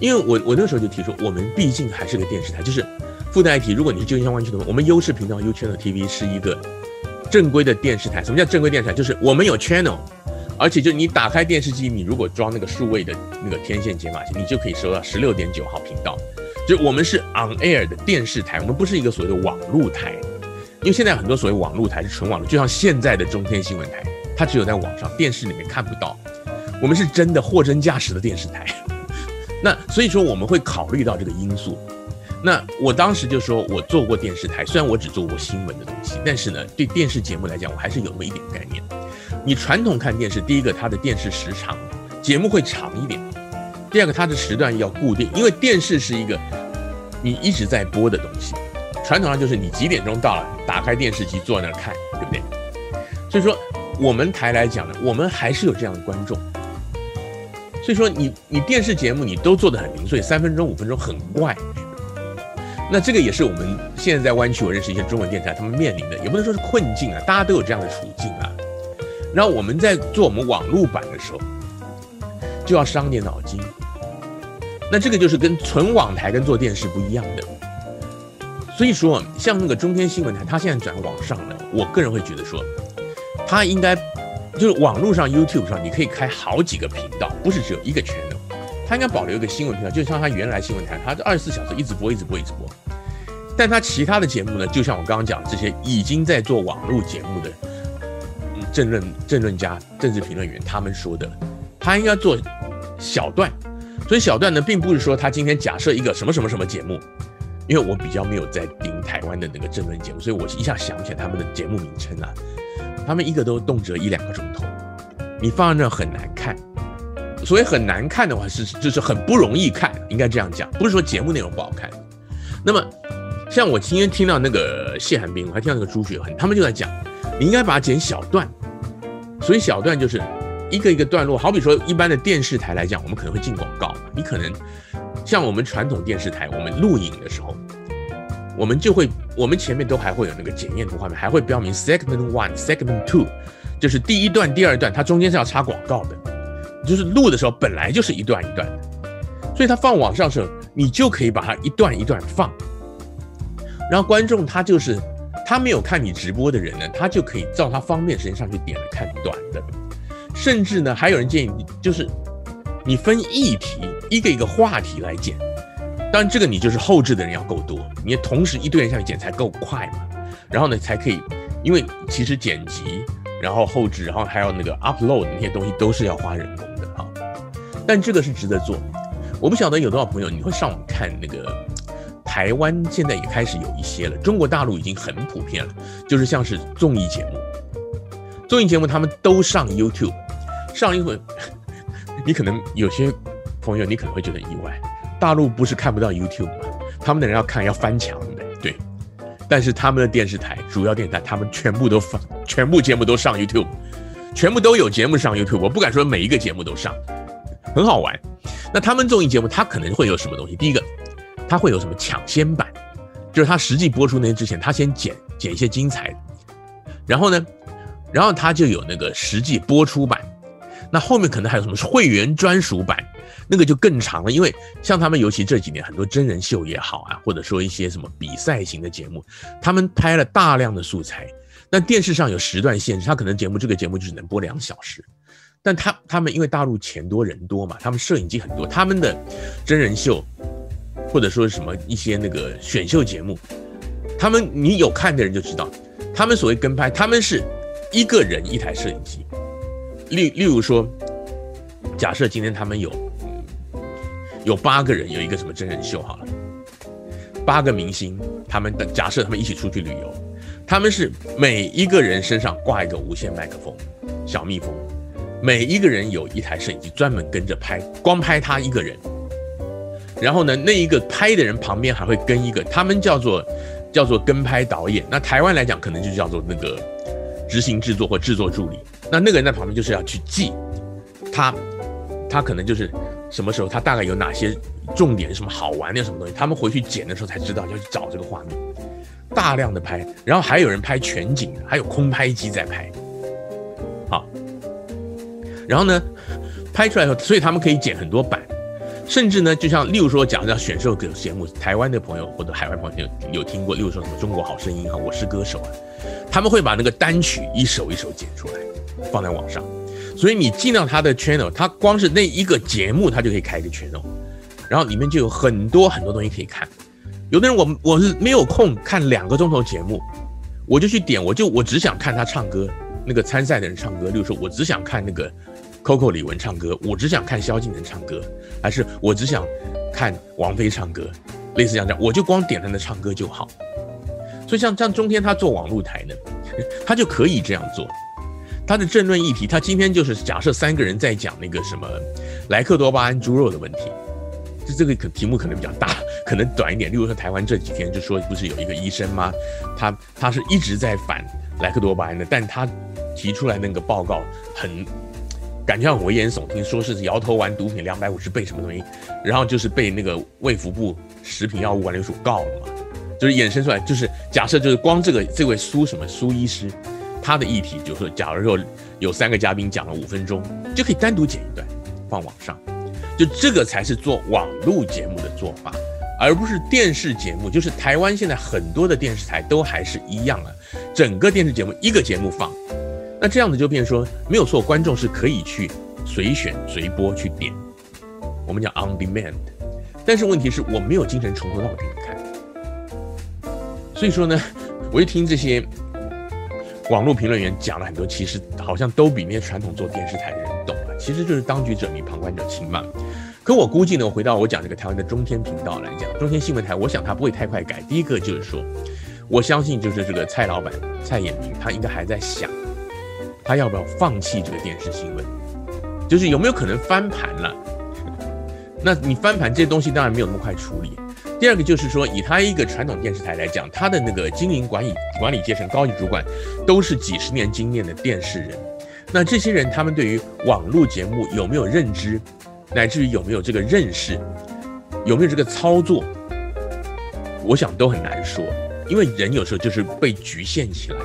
因為我我那時候就提出，我們畢竟還是個電視台，就是附帶一提，如果你是舊金山灣區的，我們優勢頻道優圈的 TV 是一個。正規的電視台，什麼叫正規電視台？就是我們有 channel，而且就你打開電視機，你如果裝那個數位的那個天線解碼器，你就可以收到十六點九號頻道。就我們是 on air 的電視台，我們不是一個所謂的網路台，因為現在很多所謂網路台是純網路，就像現在的中天新聞台，它只有在網上，電視裡面看不到。我們是真的貨真價實的電視台，那所以說我們會考慮到這個因素。那我當時就說，我做過電視台，雖然我只做過新聞的東西，但是呢，對電視節目來講，我還是有那麼一點概念。你傳統看電視，第一個它的電視時長節目會長一點，第二個它的時段要固定，因為電視是一個你一直在播的東西。傳統上就是你幾點鐘到了，打開電視機坐在那兒看，對不對？所以說我們台來講呢，我們還是有這樣的觀眾。所以說你你電視節目你都做得很零碎，三分鐘五分鐘很怪。那這個也是我們現在在灣區，我認識一些中文電台，他們面臨的也不能說是困境啊，大家都有這樣的處境啊。然後我們在做我們網絡版的時候，就要傷點腦筋。那這個就是跟純網台跟做電視不一樣的。所以說，像那個中天新聞台，它現在轉網上了，我個人會覺得說，它應該就是網絡上 YouTube 上，你可以開好幾個頻道，不是只有一個全。他應該保留一個新聞頻道，就像他原來新聞台，他二十四小時一直播，一直播，一直播。但他其他的節目呢？就像我剛剛講，這些已經在做網絡節目的嗯、政論、政論家、政治評論員，他們說的，他應該做小段。所以小段呢，並不是說他今天假設一個什麼什麼什麼節目，因為我比較沒有在盯台灣的那個政論節目，所以我一下想不起來他們的節目名稱啊。他們一個都動輒一兩個鐘頭，你放在那很難看。所以很難看的話是就是很不容易看，應該這樣講，不是說節目內容不好看。那麼像我今天聽到那個謝寒冰，我還聽到那個朱學恆，他們就在講，你應該把它剪小段。所以小段就是一個一個段落，好比說一般的電視台來講，我們可能會進廣告。你可能像我們傳統電視台，我們錄影的時候，我們就會我們前面都還會有那個檢驗圖畫面，還會標明 segment one，segment two，就是第一段、第二段，它中間是要插廣告的。就是錄的時候本來就是一段一段，所以他放網上的時候，你就可以把它一段一段放。然後觀眾他就是他沒有看你直播的人呢，他就可以照他方便的時間上去點了看短的。甚至呢，還有人建議，就是你分議題一個一個話題來剪。當然這個你就是後製的人要夠多，你同時一堆人下去剪才夠快嘛。然後呢，才可以，因為其實剪輯。然後後製，然後還有那個 upload 那些東西都是要花人工的哈、啊，但這個是值得做。我不曉得有多少朋友你會上網看那個，台灣現在也開始有一些了，中國大陸已經很普遍了，就是像是綜藝節目，綜藝節目他們都上 YouTube，上一回，你可能有些朋友你可能會覺得意外，大陸不是看不到 YouTube 嗎？他們的人要看要翻牆的，對。但是他們的電視台，主要電視台，他們全部都放，全部節目都上 YouTube，全部都有節目上 YouTube。我不敢說每一個節目都上，很好玩。那他們綜藝節目他可能會有什麼東西？第一個，他會有什麼搶先版，就是他實際播出那天之前，他先剪剪一些精彩的，然後呢，然後他就有那個實際播出版。那後面可能還有什麼會員專屬版。那個就更長了，因為像他們，尤其這幾年很多真人秀也好啊，或者說一些什麼比賽型的節目，他們拍了大量的素材。但電視上有時段限制，他可能節目這個節目就只能播兩小時。但他他們因為大陸錢多人多嘛，他們攝影機很多，他們的真人秀或者說什麼一些那個選秀節目，他們你有看的人就知道，他們所謂跟拍，他們是一個人一台攝影機。例例如說，假設今天他們有。有八個人，有一個什麼真人秀好了，八個明星，他們的假設他們一起出去旅遊，他們是每一個人身上掛一個無線麥克風，小蜜蜂，每一個人有一台攝影機專門跟着拍，光拍他一個人。然後呢，那一個拍的人旁邊還會跟一個，他們叫做叫做跟拍導演。那台灣來講，可能就叫做那個執行製作或製作助理。那那個人在旁邊就是要去記他，他可能就是。什麼時候他大概有哪些重點什麼好玩的什麼東西？他們回去剪的時候才知道要去找這個畫面，大量的拍，然後還有人拍全景，還有空拍機在拍，好，然後呢，拍出來後，所以他們可以剪很多版，甚至呢，就像例如說講像選秀節目，台灣的朋友或者海外朋友有聽過，例如說什麼中國好聲音啊，我是歌手啊，他們會把那個單曲一首一首剪出來，放在網上。所以你進到他的 channel，他光是那一個節目，他就可以開一個 channel，然後裡面就有很多很多東西可以看。有的人我我是沒有空看兩個鐘頭節目，我就去點，我就我只想看他唱歌，那個參賽的人唱歌，例如說，我只想看那個 Coco 李玟唱歌，我只想看蕭敬騰唱歌，還是我只想看王菲唱歌，類似像這樣，我就光點他的唱歌就好。所以像像中天他做網路台呢，他就可以這樣做。他的政論議題，他今天就是假設三個人在講那個什麼萊克多巴胺豬肉的問題，就這個可題目可能比較大，可能短一點。例如說台灣這幾天就說不是有一個醫生嗎？他他是一直在反萊克多巴胺的，但他提出來那個報告很感覺很危言聳聽，說是搖頭丸毒品兩百五十倍什麼東西，然後就是被那個衛福部食品藥物管理署告了嘛，就是衍生出來，就是假設就是光這個這位蘇什麼蘇醫師。他的議題就是說，假如說有三個嘉賓講了五分鐘，就可以單獨剪一段放網上，就這個才是做網路節目的做法，而不是電視節目。就是台灣現在很多的電視台都還是一樣啊，整個電視節目一個節目放，那這樣子就變成說沒有錯，觀眾是可以去隨選隨播去點，我們叫 on demand。但是問題是我沒有精神從頭到尾給你看，所以說呢，我一聽這些。網絡評論員講了很多，其實好像都比那些傳統做電視台的人懂啊。其實就是當局者迷，旁觀者清嘛。可我估計呢，回到我講這個台灣的中天頻道來講，中天新聞台，我想他不會太快改。第一個就是說，我相信就是這個蔡老板蔡衍明，他應該還在想，他要不要放棄這個電視新聞，就是有沒有可能翻盤了？那你翻盤這些東西，當然沒有那麼快處理。第二個就是說，以他一個傳統電視台來講，他的那個經營管理、管理階層、高級主管，都是幾十年經驗的電視人。那這些人，他們對於網絡節目有沒有認知，乃至於有沒有這個認識，有沒有這個操作，我想都很難說。因為人有時候就是被局限起來。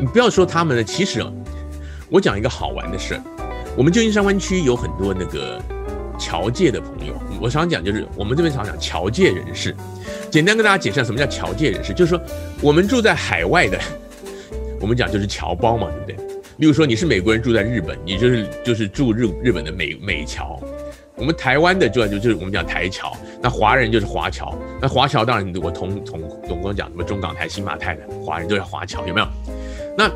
你不要說他們了，其實我講一個好玩的事兒，我們舊金山灣區有很多那個。僑界的朋友，我常講就是我們這邊常講僑界人士，簡單跟大家解釋下什麼叫僑界人士，就是說我們住在海外的，我們講就是僑胞嘛，對不對？例如說你是美國人住在日本，你就是就是住日日本的美美僑，我們台灣的就就就是我們講台僑，那華人就是華僑，那華僑當然我同同總共講什麼中港台、新馬泰的華人都是華僑，有沒有？那。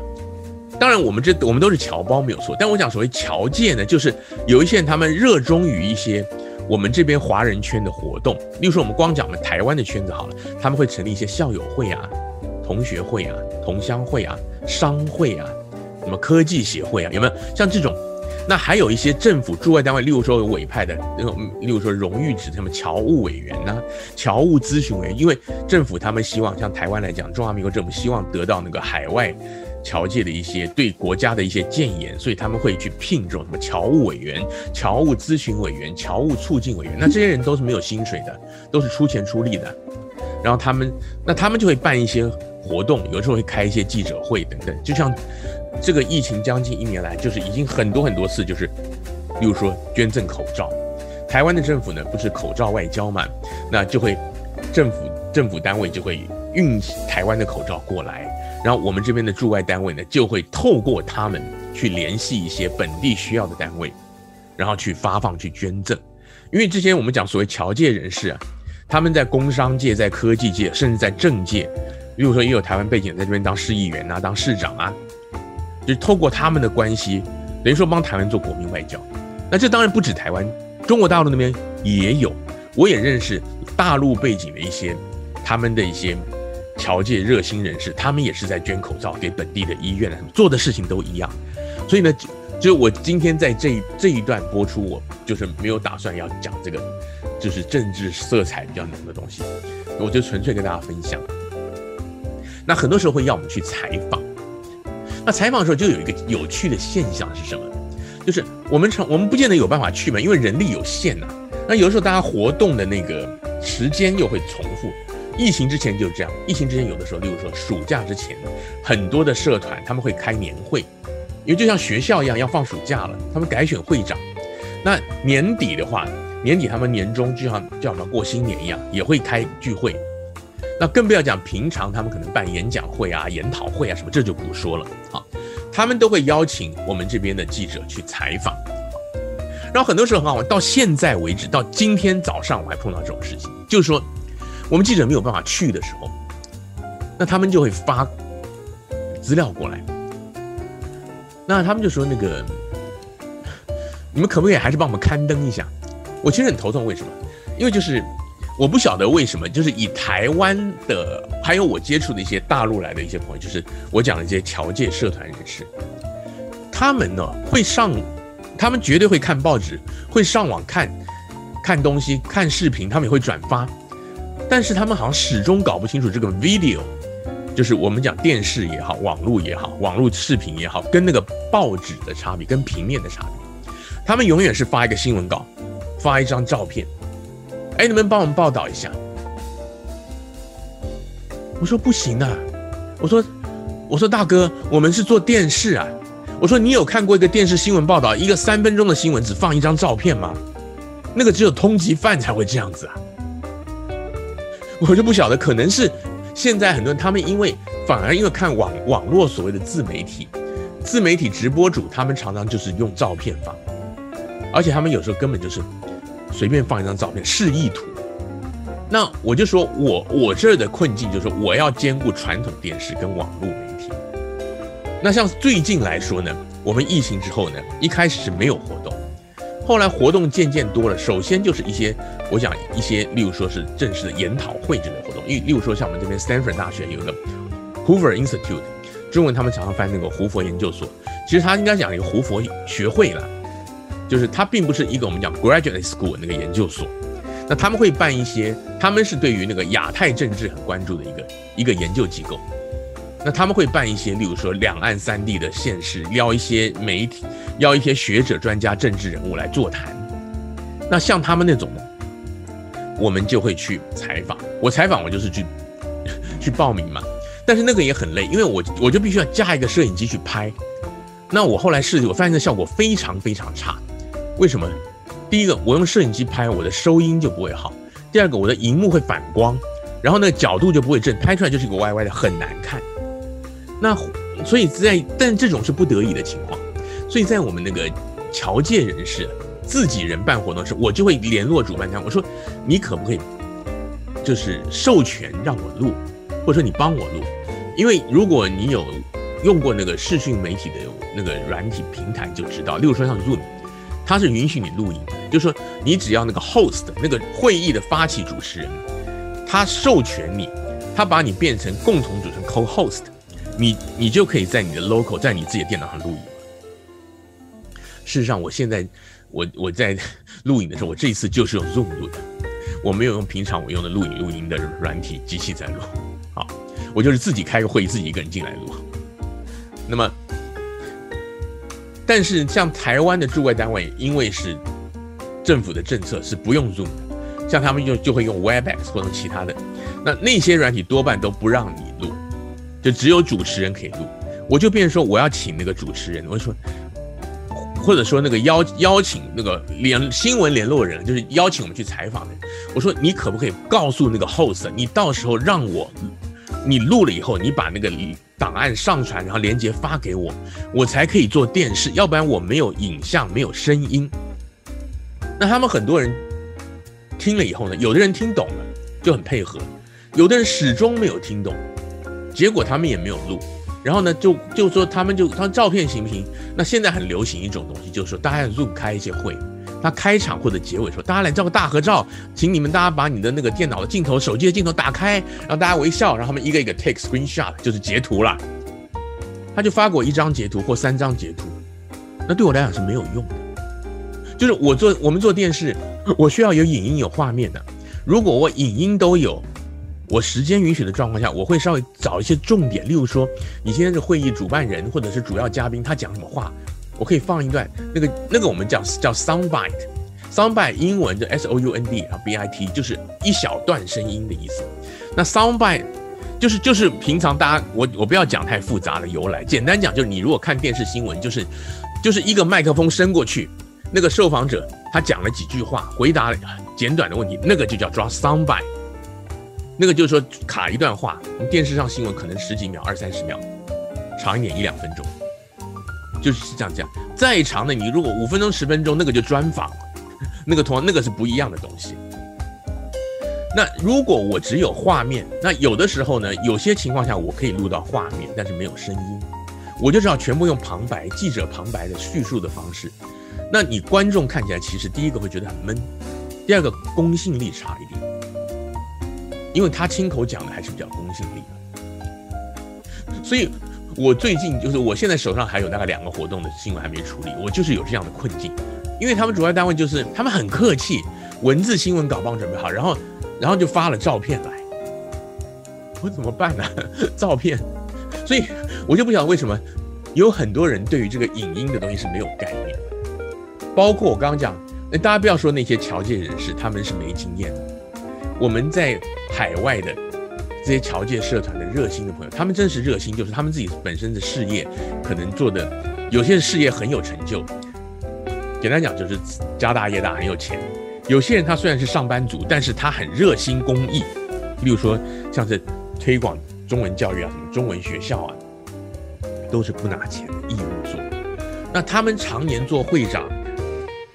當然，我們這我們都是僑胞沒有錯，但我講所謂僑界呢，就是有一些人他們熱衷於一些我們這邊華人圈的活動，例如說我們光講我們臺灣的圈子好了，他們會成立一些校友會啊、同學會啊、同鄉會啊、商會啊、什麼科技協會啊，有沒有？像這種，那還有一些政府駐外單位，例如說委派的那種，例如說榮譽職什麼僑務委員吶、啊、僑務諮詢委員，因為政府他們希望像臺灣來講，中華民國政府希望得到那個海外。僑界的一些對國家的一些建言，所以他們會去聘這種什麼僑務委員、僑務諮詢委員、僑務促進委員。那這些人都是沒有薪水的，都是出錢出力的。然後他們，那他們就會辦一些活動，有的時候會開一些記者會等等。就像這個疫情將近一年來，就是已經很多很多次，就是例如說捐贈口罩。台灣的政府呢，不是口罩外交嘛？那就會政府政府單位就會運台灣的口罩過來。然後我們這邊的駐外單位呢，就會透過他們去聯繫一些本地需要的單位，然後去發放去捐贈。因為之前我們講所謂僑界人士啊，他們在工商界、在科技界，甚至在政界，比如說也有台灣背景，在這邊當市議員啊、當市長啊，就透過他們的關係，等於說幫台灣做國民外交。那這當然不止台灣，中國大陸那邊也有，我也認識大陸背景的一些，他們的一些。僑界熱心人士，他們也是在捐口罩給本地的醫院，做的事情都一樣。所以呢，就我今天在這這一段播出，我就是沒有打算要講這個，就是政治色彩比較濃的東西，我就純粹跟大家分享。那很多時候會要我們去採訪，那採訪的時候就有一個有趣的現象是什麼？就是我們常我們不見得有辦法去嘛，因為人力有限吶啊。那有的時候大家活動的那個時間又會重複。疫情之前就是這樣。疫情之前，有的時候，例如說暑假之前，很多的社團他們會開年會，因為就像學校一樣要放暑假了，他們改選會長。那年底的話，年底他們年終就像叫什麼過新年一樣，也會開聚會。那更不要講平常他們可能辦演講會啊、研討會啊什麼，這就不說了啊。他們都會邀請我們這邊的記者去採訪。然後很多時候很好玩，到現在為止，到今天早上我還碰到這種事情，就是說。我們記者沒有辦法去的時候，那他們就會發資料過來。那他們就說：“那個，你們可不可以還是幫我們刊登一下？”我其實很頭痛，為什麼？因為就是我不曉得為什麼，就是以台灣的，還有我接觸的一些大陸來的一些朋友，就是我講的一些僑界社團人士，他們呢會上，他們絕對會看報紙，會上網看看東西、看視頻，他們也會轉發。但是他們好像始終搞不清楚這個 video，就是我們講電視也好，網絡也好，網絡視頻也好，跟那個報紙的差別，跟平面的差別。他們永遠是發一個新聞稿，發一張照片。哎，你們幫我們報道一下。我說不行啊，我說，我說大哥，我們是做電視啊。我說你有看過一個電視新聞報道，一個三分鐘的新聞只放一張照片嗎？那個只有通緝犯才會這樣子啊。我就不曉得，可能是現在很多人他們因為反而因為看網網絡所謂的自媒體，自媒體直播主他們常常就是用照片發，而且他們有時候根本就是隨便放一張照片示意圖。那我就說我我這兒的困境就是我要兼顧傳統電視跟網絡媒體。那像最近來說呢，我們疫情之後呢，一開始是沒有活動。後來活動漸漸多了，首先就是一些，我想一些，例如說是正式的研討會之類活動，因例如說像我們這邊 Stanford 大學有一個 Hoover Institute，中文他們常常翻譯成個胡佛研究所，其實他應該講一個胡佛學會了，就是他並不是一個我們講 graduate school 那個研究所，那他們會辦一些，他們是對於那個亞太政治很關注的一個一個研究機構。那他們會辦一些，例如說兩岸三地的縣市，邀一些媒體，邀一些學者、專家、政治人物來座談。那像他們那種，我們就會去採訪。我採訪我就是去，去報名嘛。但是那個也很累，因為我我就必須要架一個攝影機去拍。那我後來試我發現的效果非常非常差。為什麼？第一個，我用攝影機拍，我的收音就不會好，第二個，我的熒幕會反光，然後那個角度就不會正，拍出來就是一個歪歪的，很難看。那，所以在但這種是不得已的情況，所以在我們那個僑界人士自己人辦活動時，我就會聯絡主辦方，我說你可不可以就是授權讓我錄，或者說你幫我錄，因為如果你有用過那個視訊媒體的那個軟體平台就知道，例如說像 Zoom，它是允許你錄音的，就是說你只要那個 host 那個會議的發起主持人，他授權你，他把你變成共同主持人 co-host。你你就可以在你的 local 在你自己的電腦上錄影。事實上，我現在我我，我在錄影的時候，我這一次就是用 Zoom 錄的，我沒有用平常我用的錄影錄音的軟體機器在錄。好，我就是自己開個會，自己一個人進來錄。那麼，但是像台灣的駐外單位，因為是政府的政策，是不用 Zoom 的，像他們用就，就會用 Webex 或者其他的，那那些軟體多半都不讓你。就只有主持人可以錄，我就變說，我要請那個主持人，我說或者說那個邀邀請那個聯新聞聯絡人，就是邀請我們去採訪的人，我說你可不可以告訴那個 host，你到時候讓我你錄了以後，你把那個檔案上傳，然後連接發給我，我才可以做電視，要不然我沒有影像，沒有聲音。那他們很多人聽了以後呢，有的人聽懂了就很配合，有的人始終沒有聽懂。結果他們也沒有錄，然後呢，就就說他們就他照片行不行？那現在很流行一種東西，就是說大家要 zoom 開一些會，他開場或者結尾說大家來照個大合照，請你們大家把你的那個電腦的鏡頭、手機的鏡頭打開，讓大家微笑，然後他們一個一個 take screenshot，就是截圖了。他就發過一張截圖或三張截圖，那對我來講是沒有用的，就是我做我們做電視，我需要有影音有畫面的，如果我影音都有。我時間允許的狀況下，我會稍微找一些重點，例如說，你今天的會議主辦人或者是主要嘉賓他講什麼話，我可以放一段那個那個我們叫叫 soundbite，soundbite soundbite 英文就 S O U N D 然後 B I T 就是一小段聲音的意思。那 soundbite 就是就是平常大家我我不要講太複雜的由來，簡單講就是你如果看電視新聞，就是就是一個麥克風伸過去，那個受訪者他講了幾句話，回答了簡短的問題，那個就叫抓 soundbite。那個就是說卡一段話，你電視上新聞可能十幾秒、二三十秒，長一點一兩分鐘，就是這樣講。再長的你如果五分鐘、十分鐘，那個就專訪，那個同樣那個是不一樣的東西。那如果我只有畫面，那有的時候呢，有些情況下我可以錄到畫面，但是沒有聲音，我就是要全部用旁白、記者旁白的敘述的方式。那你觀眾看起來其實第一個會覺得很悶，第二個公信力差一點。因為他親口講的還是比較公信力的，所以，我最近就是我現在手上還有大概兩個活動的新聞還沒處理，我就是有這樣的困境，因為他們主要單位就是他們很客氣，文字新聞稿幫我準備好，然後，然後就發了照片來，我怎麼辦呢、啊？照片，所以我就不曉得為什麼有很多人對於這個影音的東西是沒有概念的，包括我剛剛講，那大家不要說那些僑界人士，他們是沒經驗。我們在海外的這些僑界社團的熱心的朋友，他們真是熱心，就是他們自己本身的事業可能做的，有些人事業很有成就。簡單講就是家大業大，很有錢。有些人他雖然是上班族，但是他很熱心公益，例如說像是推廣中文教育啊，什麼中文學校啊，都是不拿錢的義務做。那他們常年做會長，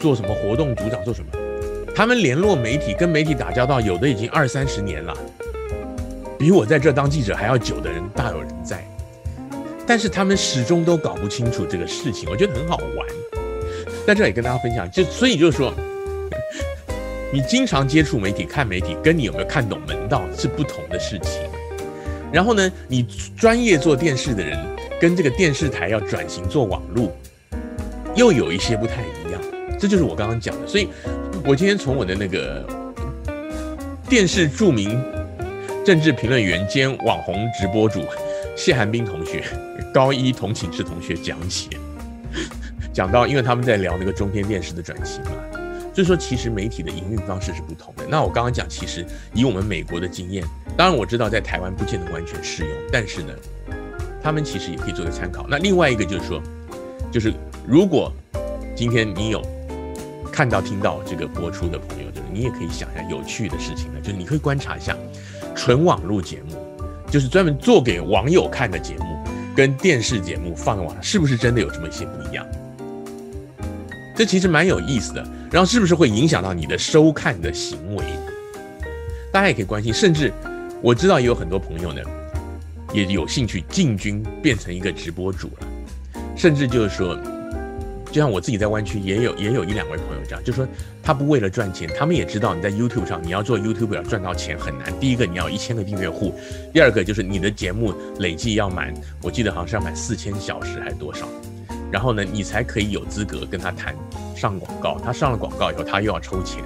做什麼活動組長，做什麼？他們聯絡媒體、跟媒體打交道，有的已經二三十年了，比我在這當記者還要久的人大有人在。但是他們始終都搞不清楚這個事情，我覺得很好玩。在這裡跟大家分享，就所以就是說，你經常接觸媒體、看媒體，跟你有沒有看懂門道是不同的事情。然後呢，你專業做電視的人，跟這個電視台要轉型做網路，又有一些不太一樣。這就是我剛剛講的，所以。我今天從我的那個電視著名政治評論員兼網紅直播主謝寒冰同學、高一同寢室同學講起，講到因為他們在聊那個中天電視的轉型嘛，就是說其實媒體的營運方式是不同的。那我剛剛講，其實以我們美國的經驗，當然我知道在台灣不見得完全適用，但是呢，他們其實也可以做個參考。那另外一個就是說，就是如果今天你有。看到聽到這個播出的朋友，就是你也可以想一下有趣的事情了，就是你可以觀察一下，純網路節目，就是專門做給網友看的節目，跟電視節目放網上是不是真的有這麼一些不一樣？這其實蠻有意思的。然後是不是會影響到你的收看的行為？大家也可以關心。甚至我知道也有很多朋友呢，也有興趣進軍變成一個直播主了，甚至就是說。就像我自己在灣區也有也有一兩位朋友這樣，就說他不為了賺錢，他們也知道你在 YouTube 上你要做 YouTube 要賺到錢很難。第一個你要一千個訂閱戶，第二個就是你的節目累計要滿，我記得好像是要滿四千小時還是多少，然後呢你才可以有資格跟他談上廣告。他上了廣告以後，他又要抽錢，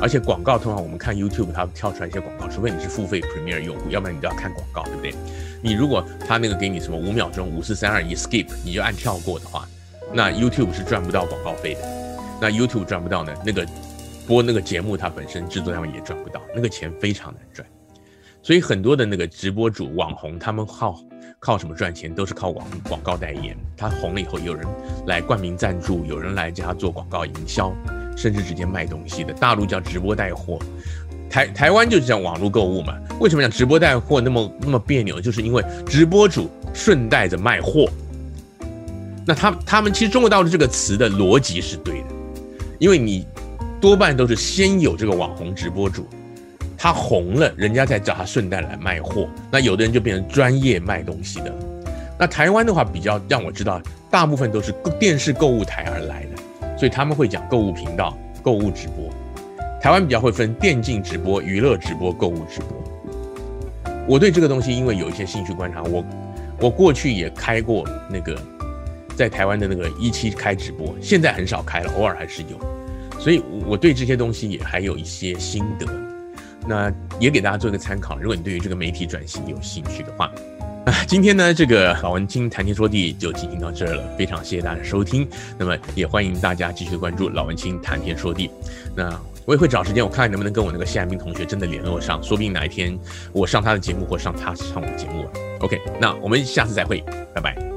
而且廣告通常我們看 YouTube 它跳出來一些廣告，除非你是付費 Premier 用戶，要不然你都要看廣告，對不對？你如果他那個給你什麼五秒鐘五四三二一 skip，你就按跳過的話。那 YouTube 是賺不到廣告費的，那 YouTube 賺不到呢？那個播那個節目，它本身制作上面也賺不到，那個錢非常難賺。所以很多的那個直播主網紅，他們靠靠什麼賺錢，都是靠廣告代言。他紅了以後，有人來冠名贊助，有人來跟他做廣告營銷，甚至直接賣東西的。大陸叫直播帶貨，台台灣就是叫網絡購物嘛。為什麼講直播帶貨那麼那麼別扭？就是因為直播主順帶着賣貨。那他們他們其實中國大陸這個詞的邏輯是對的，因為你多半都是先有這個網紅直播主，他紅了，人家再找他順帶來賣貨。那有的人就變成專業賣東西的。那台灣的話比較讓我知道，大部分都是電視購物台而來的，所以他們會講購物頻道、購物直播。台灣比較會分電競直播、娛樂直播、購物直播。我對這個東西因為有一些興趣觀察，我我過去也開過那個。在台灣的那個一期開直播，現在很少開了，偶爾還是有，所以我對這些東西也還有一些心得，那也給大家做一個參考。如果你對於這個媒體轉型有興趣的話，啊，今天呢這個老文青談天說地就進行到這兒了，非常謝謝大家的收聽，那麼也歡迎大家繼續關注老文青談天說地，那我也會找時間，我看看能不能跟我那個謝寒冰同學真的聯絡上，說不定哪一天我上他的節目，或上他上我的節目。OK，那我們下次再會，拜拜。